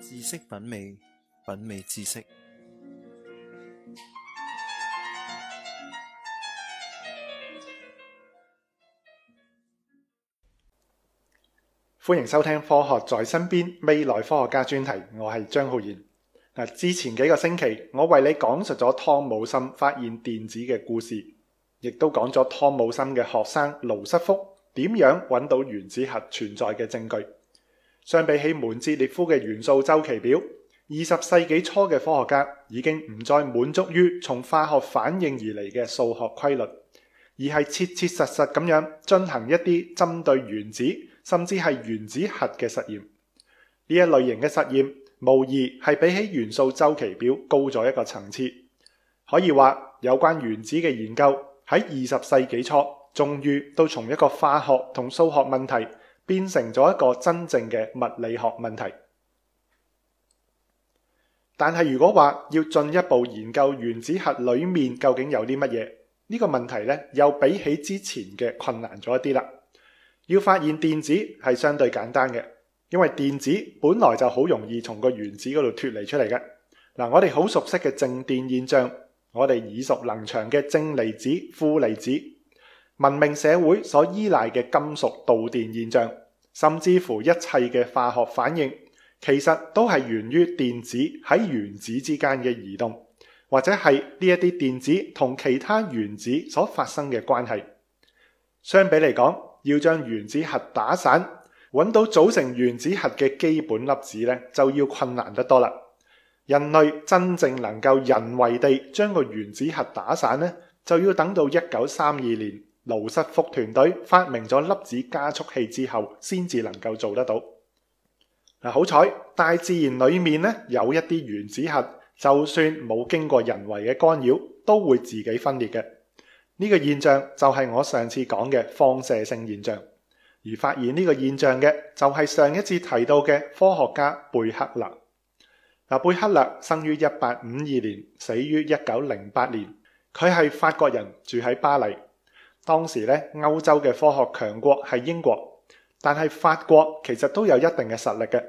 知識品味，品味知識。歡迎收聽《科學在身邊》未來科學家專題，我係張浩然。嗱，之前幾個星期，我為你講述咗湯姆森發現電子嘅故事，亦都講咗湯姆森嘅學生盧瑟福點樣揾到原子核存在嘅證據。相比起門捷列夫嘅元素周期表，二十世紀初嘅科學家已經唔再滿足於從化學反應而嚟嘅數學規律，而係切切實實咁樣進行一啲針對原子，甚至係原子核嘅實驗。呢一類型嘅實驗，無疑係比起元素周期表高咗一個層次。可以話，有關原子嘅研究喺二十世紀初，終於都從一個化學同數學問題。變成咗一個真正嘅物理學問題。但係如果話要進一步研究原子核裏面究竟有啲乜嘢，呢個問題呢又比起之前嘅困難咗一啲啦。要發現電子係相對簡單嘅，因為電子本來就好容易從個原子嗰度脫離出嚟嘅。嗱，我哋好熟悉嘅靜電現象，我哋耳熟能詳嘅正離子、負離子。文明社會所依賴嘅金屬導電現象，甚至乎一切嘅化學反應，其實都係源於電子喺原子之間嘅移動，或者係呢一啲電子同其他原子所發生嘅關係。相比嚟講，要將原子核打散，揾到組成原子核嘅基本粒子呢，就要困難得多啦。人類真正能夠人為地將個原子核打散呢，就要等到一九三二年。盧瑟福團隊發明咗粒子加速器之後，先至能夠做得到嗱。好彩大自然裏面呢，有一啲原子核，就算冇經過人為嘅干擾，都會自己分裂嘅。呢個現象就係我上次講嘅放射性現象。而發現呢個現象嘅就係上一次提到嘅科學家貝克勒。貝克勒生於一八五二年，死於一九零八年。佢係法國人，住喺巴黎。當時咧，歐洲嘅科學強國係英國，但係法國其實都有一定嘅實力嘅，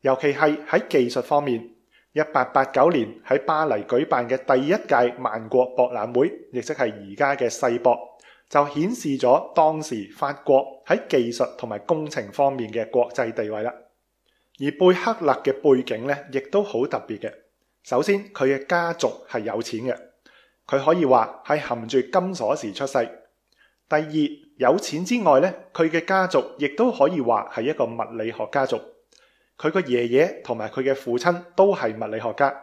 尤其係喺技術方面。一八八九年喺巴黎舉辦嘅第一屆萬國博覽會，亦即係而家嘅世博，就顯示咗當時法國喺技術同埋工程方面嘅國際地位啦。而貝克勒嘅背景咧，亦都好特別嘅。首先，佢嘅家族係有錢嘅，佢可以話係含住金鎖匙出世。第二，有錢之外咧，佢嘅家族亦都可以話係一個物理學家族。佢個爺爺同埋佢嘅父親都係物理學家，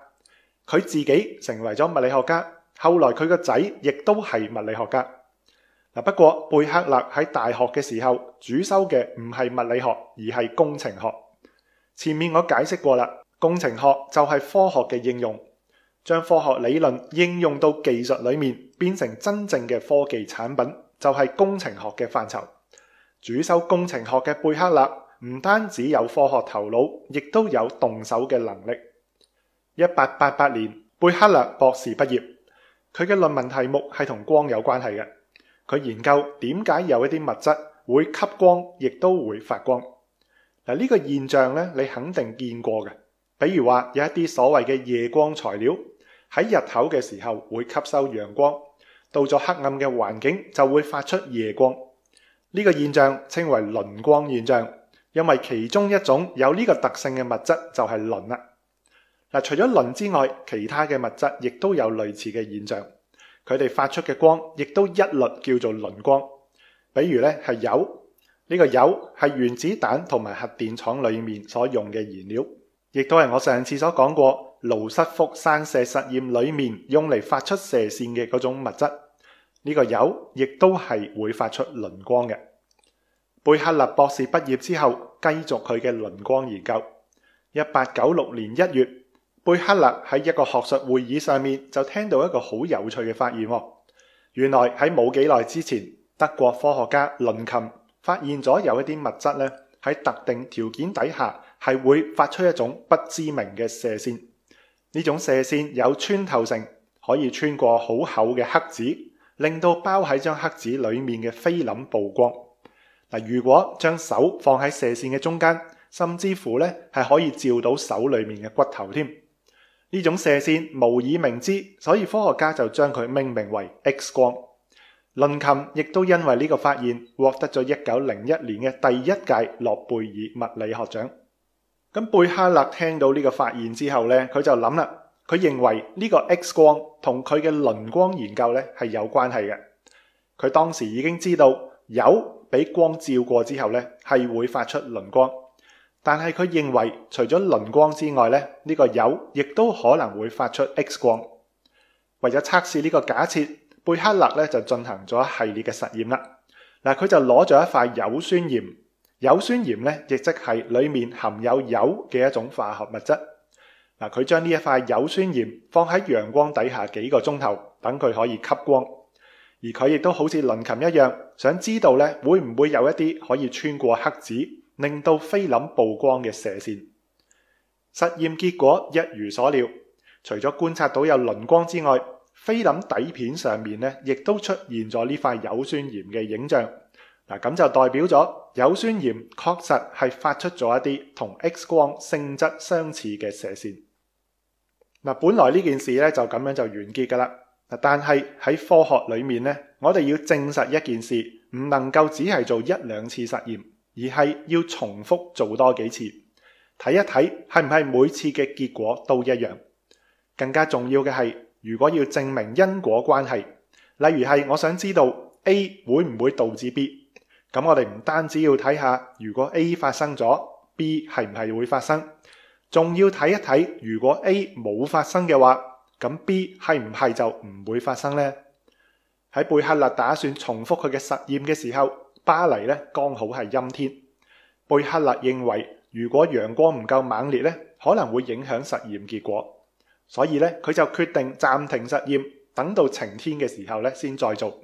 佢自己成為咗物理學家。後來佢個仔亦都係物理學家。不過貝克勒喺大學嘅時候主修嘅唔係物理學，而係工程學。前面我解釋過啦，工程學就係科學嘅應用，將科學理論應用到技術裏面，變成真正嘅科技產品。就係工程學嘅範疇。主修工程學嘅貝克勒唔單止有科學頭腦，亦都有動手嘅能力。一八八八年，貝克勒博士畢業，佢嘅論文題目係同光有關係嘅。佢研究點解有一啲物質會吸光，亦都會發光。嗱，呢個現象咧，你肯定見過嘅。比如話有一啲所謂嘅夜光材料，喺日頭嘅時候會吸收陽光。到咗黑暗嘅環境就會發出夜光，呢、這個現象稱為磷光現象。因為其中一種有呢個特性嘅物質就係磷啦。除咗磷之外，其他嘅物質亦都有類似嘅現象，佢哋發出嘅光亦都一律叫做磷光。比如咧係鈾。呢、這個鈾係原子彈同埋核電廠裏面所用嘅燃料，亦都係我上次所講過。盧瑟福散射實驗裏面用嚟發出射線嘅嗰種物質呢、這個鈾亦都係會發出磷光嘅。貝克勒博士畢業之後，繼續佢嘅磷光研究。一八九六年一月，貝克勒喺一個學術會議上面就聽到一個好有趣嘅發現、哦。原來喺冇幾耐之前，德國科學家倫琴發現咗有一啲物質呢，喺特定條件底下係會發出一種不知名嘅射線。呢種射線有穿透性，可以穿過好厚嘅黑紙，令到包喺張黑紙裏面嘅菲林曝光。嗱，如果將手放喺射線嘅中間，甚至乎呢係可以照到手裏面嘅骨頭添。呢種射線無以名之，所以科學家就將佢命名為 X 光。倫琴亦都因為呢個發現，獲得咗一九零一年嘅第一屆諾貝爾物理學獎。咁貝克勒聽到呢個發現之後呢，佢就諗啦，佢認為呢個 X 光同佢嘅磷光研究呢，係有關係嘅。佢當時已經知道鈾俾光照過之後呢，係會發出磷光，但係佢認為除咗磷光之外呢，呢、呢個鈾亦都可能會發出 X 光。為咗測試呢個假設，貝克勒呢就進行咗一系列嘅實驗啦。嗱，佢就攞咗一塊鈾酸鹽。鈾酸鹽咧，亦即係裏面含有鈾嘅一種化學物質。嗱，佢將呢一塊鈾酸鹽放喺陽光底下幾個鐘頭，等佢可以吸光。而佢亦都好似倫琴一樣，想知道咧會唔會有一啲可以穿過黑紙，令到菲林曝光嘅射線。實驗結果一如所料，除咗觀察到有磷光之外，菲林底片上面咧亦都出現咗呢塊鈾酸鹽嘅影像。嗱，咁就代表咗有酸鹽確實係發出咗一啲同 X 光性質相似嘅射線。嗱，本來呢件事咧就咁樣就完結㗎喇。但係喺科學裏面咧，我哋要證實一件事唔能夠只係做一兩次實驗，而係要重複做多幾次，睇一睇係唔係每次嘅結果都一樣。更加重要嘅係，如果要證明因果關係，例如係我想知道 A 會唔會導致 B。咁我哋唔單止要睇下如果 A 發生咗，B 係唔係會發生，仲要睇一睇如果 A 冇發生嘅話，咁 B 係唔係就唔會發生呢？喺貝克勒打算重複佢嘅實驗嘅時候，巴黎呢剛好係陰天。貝克勒認為如果陽光唔夠猛烈呢，可能會影響實驗結果，所以呢，佢就決定暫停實驗，等到晴天嘅時候呢先再做。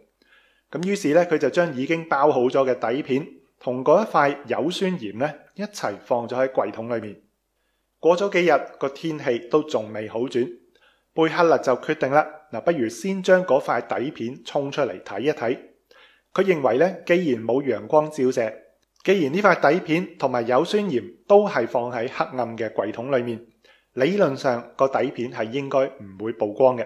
咁於是咧，佢就將已經包好咗嘅底片同嗰一塊有酸鹽咧一齊放咗喺櫃桶裏面。過咗幾日，個天氣都仲未好轉，貝克勒就決定啦，嗱，不如先將嗰塊底片沖出嚟睇一睇。佢認為咧，既然冇陽光照射，既然呢塊底片同埋有酸鹽都係放喺黑暗嘅櫃桶裏面，理論上個底片係應該唔會曝光嘅。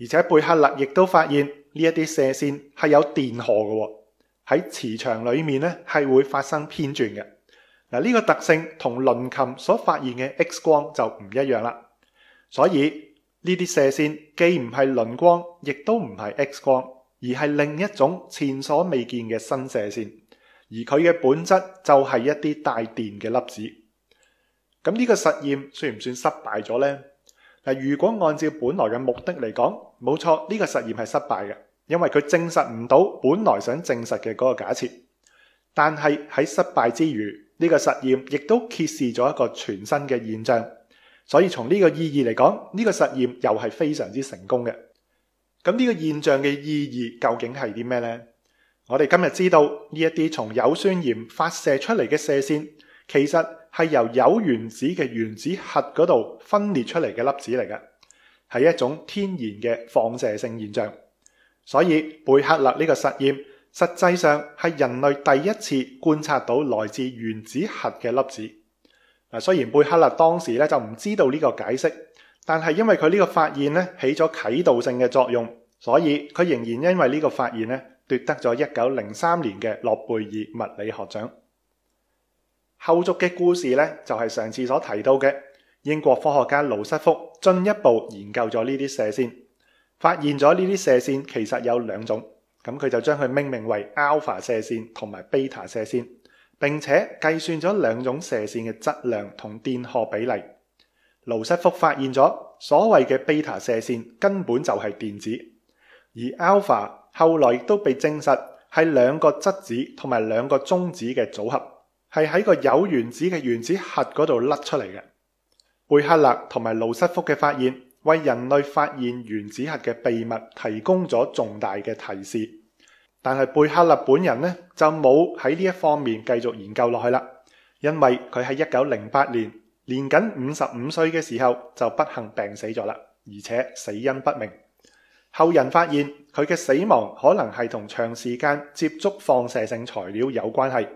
而且貝克勒亦都發現呢一啲射線係有電荷嘅喎，喺磁場裏面咧係會發生偏轉嘅。嗱、這、呢個特性同倫琴所發現嘅 X 光就唔一樣啦。所以呢啲射線既唔係倫光，亦都唔係 X 光，而係另一種前所未見嘅新射線。而佢嘅本質就係一啲帶電嘅粒子。咁呢個實驗算唔算失敗咗呢？如果按照本來嘅目的嚟講，冇錯，呢個實驗係失敗嘅，因為佢證實唔到本來想證實嘅嗰個假設。但係喺失敗之餘，呢個實驗亦都揭示咗一個全新嘅現象。所以從呢個意義嚟講，呢個實驗又係非常之成功嘅。咁呢個現象嘅意義究竟係啲咩呢？我哋今日知道呢一啲從有酸鹽發射出嚟嘅射線，其實係由有原子嘅原子核嗰度分裂出嚟嘅粒子嚟嘅，係一種天然嘅放射性現象。所以貝克勒呢個實驗，實際上係人類第一次觀察到來自原子核嘅粒子。嗱，雖然貝克勒當時咧就唔知道呢個解釋，但係因為佢呢個發現咧起咗啟導性嘅作用，所以佢仍然因為呢個發現咧奪得咗一九零三年嘅諾貝爾物理學獎。後續嘅故事呢，就係上次所提到嘅英國科學家盧瑟福進一步研究咗呢啲射線，發現咗呢啲射線其實有兩種，咁佢就將佢命名為 α 射線同埋 β 射線，並且計算咗兩種射線嘅質量同電荷比例。盧瑟福發現咗所謂嘅 β 射線根本就係電子，而 α 後來亦都被證實係兩個質子同埋兩個中子嘅組合。係喺個有原子嘅原子核嗰度甩出嚟嘅。貝克勒同埋盧瑟福嘅發現，為人類發現原子核嘅秘密提供咗重大嘅提示。但係貝克勒本人呢，就冇喺呢一方面繼續研究落去啦，因為佢喺一九零八年年僅五十五歲嘅時候就不幸病死咗啦，而且死因不明。後人發現佢嘅死亡可能係同長時間接觸放射性材料有關係。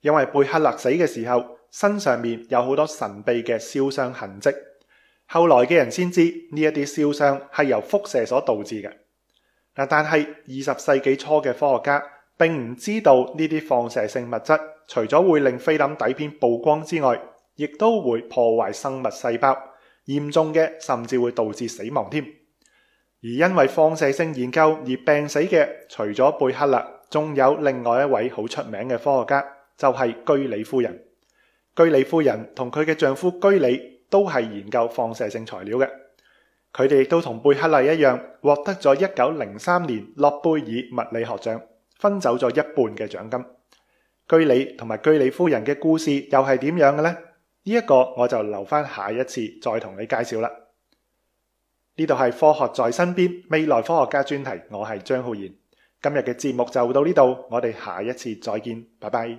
因為貝克勒死嘅時候，身上面有好多神秘嘅燒傷痕跡。後來嘅人先知呢一啲燒傷係由輻射所導致嘅。但係二十世紀初嘅科學家並唔知道呢啲放射性物質除咗會令菲林底片曝光之外，亦都會破壞生物細胞，嚴重嘅甚至會導致死亡添。而因為放射性研究而病死嘅，除咗貝克勒，仲有另外一位好出名嘅科學家。就係居里夫人，居里夫人同佢嘅丈夫居里都係研究放射性材料嘅，佢哋都同貝克勒一樣獲得咗一九零三年諾貝爾物理學獎，分走咗一半嘅獎金。居里同埋居里夫人嘅故事又係點樣嘅呢？呢一個我就留翻下一次再同你介紹啦。呢度係科學在身邊未來科學家專題，我係張浩然，今日嘅節目就到呢度，我哋下一次再見，拜拜。